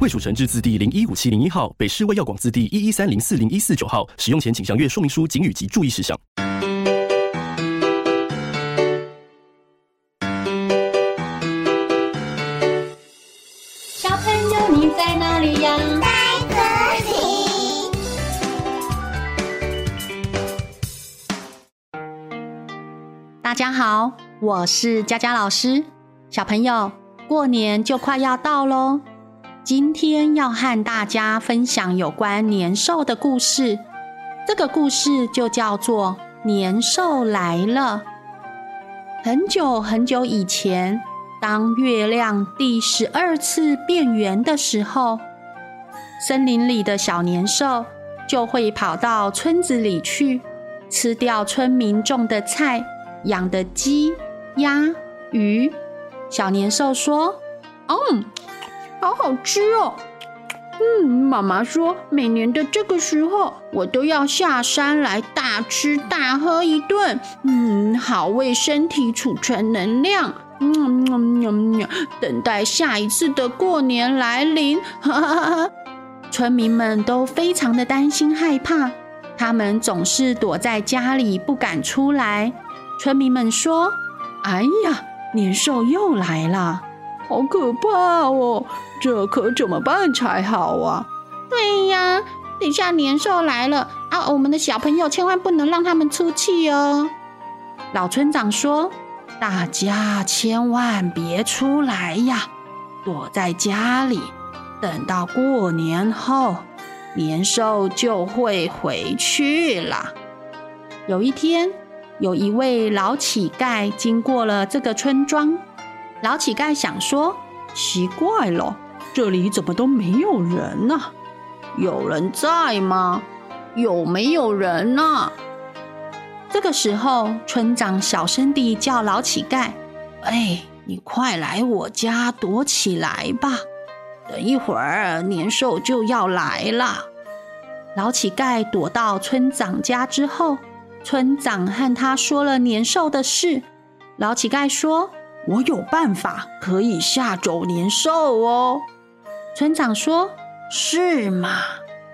衛蜀成製字第零一五七零一號，北市衛藥廣字第一一三零四零一四九號。使用前請詳閱說明書、警語及注意事項。小朋友，你在哪裡呀？在這裡。大家好，我是佳佳老師。小朋友，過年就快要到嘍。今天要和大家分享有關年獸的故事。這個故事就叫做“年獸來了”。很久很久以前，當月亮第十二次變圓的時候，森林裡的小年獸就會跑到村子裡去，吃掉村民種的菜、養的雞、鴨、魚。小年獸說：“嗯。”好好吃哦，嗯，媽媽說每年的這個時候，我都要下山來大吃大喝一頓，嗯，好為身體儲存能量，嗯，等待下一次的過年來臨。哈哈哈，村民們都非常的擔心害怕，他們總是躲在家裡不敢出來。村民們說：“哎呀，年獸又來了。”好可怕哦！這可怎麼辦才好啊？對呀、啊，等一下年獸來了啊，我們的小朋友千萬不能讓他們出去哦。老村長說：“大家千萬別出來呀，躲在家裡，等到過年後，年獸就會回去了。”有一天，有一位老乞丐經過了這個村莊。老乞丐想說：“奇怪了，這裡怎麼都沒有人呢？有人在嗎？有沒有人呢？”這個時候，村長小聲地叫老乞丐：“哎，你快來我家躲起來吧，等一會兒年獸就要來了。”老乞丐躲到村長家之後，村長和他說了年獸的事。老乞丐說。我有辦法可以嚇走年獸哦！村長說：“是嗎？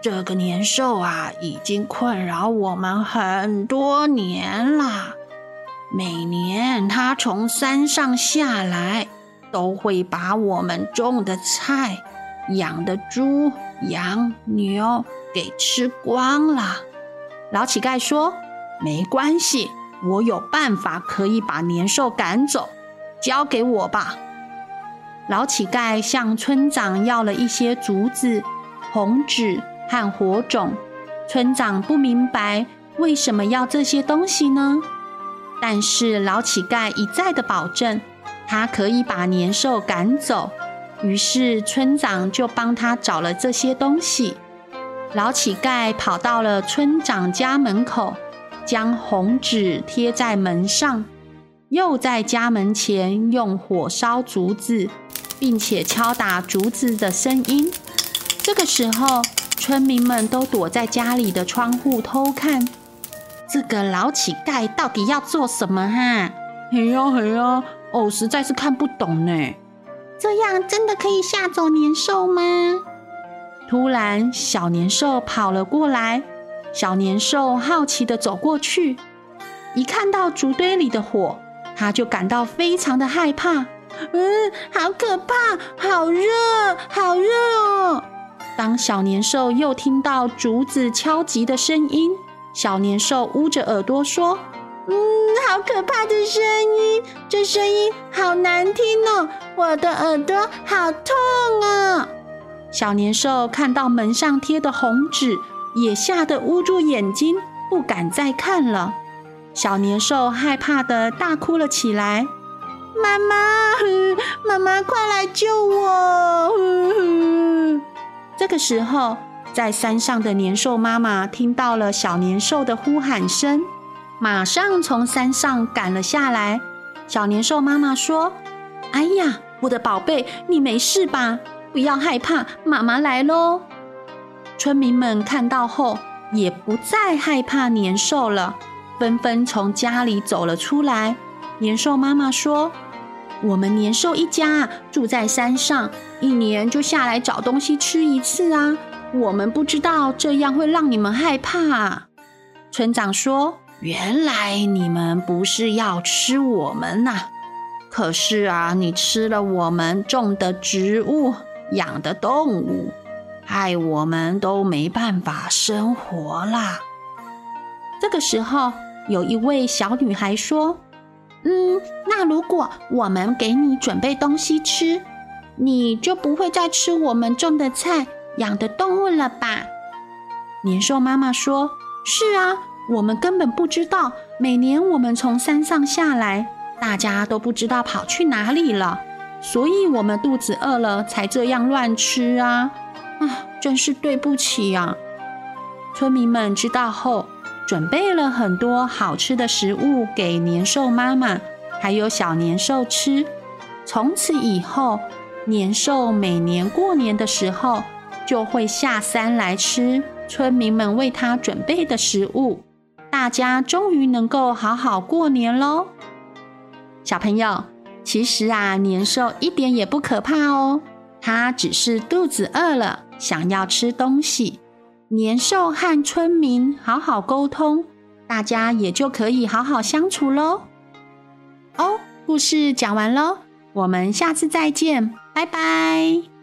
這個年獸啊，已經困擾我們很多年了。每年它從山上下來，都會把我們種的菜、養的豬、羊、牛給吃光了。”老乞丐說：“沒關係，我有辦法可以把年獸趕走。”交給我吧。老乞丐向村長要了一些竹子、紅紙和火種。村長不明白為什麼要這些東西呢？但是老乞丐一再的保證，他可以把年獸趕走。於是村長就幫他找了這些東西。老乞丐跑到了村長家門口，將紅紙貼在門上。又在家門前用火燒竹子，並且敲打竹子的聲音。這個時候，村民們都躲在家裡的窗戶偷看，這個老乞丐到底要做什麼啊？哈！嘿呀嘿呀，我實在是看不懂呢。這樣真的可以嚇走年獸嗎？突然，小年獸跑了過來，小年獸好奇的走過去，一看到竹堆裡的火。他就感到非常的害怕，嗯，好可怕，好熱，好熱哦。當小年獸又聽到竹子敲擊的聲音，小年獸捂着耳朵說：“嗯，好可怕的聲音，這聲音好難聽哦，我的耳朵好痛啊哦！”小年獸看到門上貼的紅紙，也嚇得捂住眼睛，不敢再看了。小年獸害怕的大哭了起來：“媽媽，媽媽，快來救我呵呵！”這個時候，在山上的年獸媽媽聽到了小年獸的呼喊聲，馬上從山上趕了下來。小年獸媽媽說：“哎呀，我的寶貝，你沒事吧？不要害怕，媽媽來咯。”村民們看到後，也不再害怕年獸了。紛紛從家裡走了出來。年獸媽媽說：“我們年獸一家住在山上，一年就下來找東西吃一次啊。我們不知道這樣會讓你們害怕。”村長說：“原來你們不是要吃我們吶？可是啊，你吃了我們種的植物、養的動物，害我們都沒辦法生活啦。”這個時候，有一位小女孩說：“嗯，那如果我們給你準備東西吃，你就不會再吃我們種的菜、養的動物了吧？”年獸媽媽說：“是啊，我們根本不知道，每年我們從山上下來，大家都不知道跑去哪裡了，所以我們肚子餓了才這樣亂吃啊！啊，真是對不起呀，啊！”村民們知道後。準備了很多好吃的食物給年獸媽媽，還有小年獸吃。從此以後，年獸每年過年的時候就會下山來吃村民們為它準備的食物。大家終於能夠好好過年嘍。小朋友，其實啊，年獸一點也不可怕哦，它只是肚子餓了，想要吃東西。年獸和村民好好溝通，大家也就可以好好相處嘍。哦，故事講完嘍，我們下次再見，拜拜。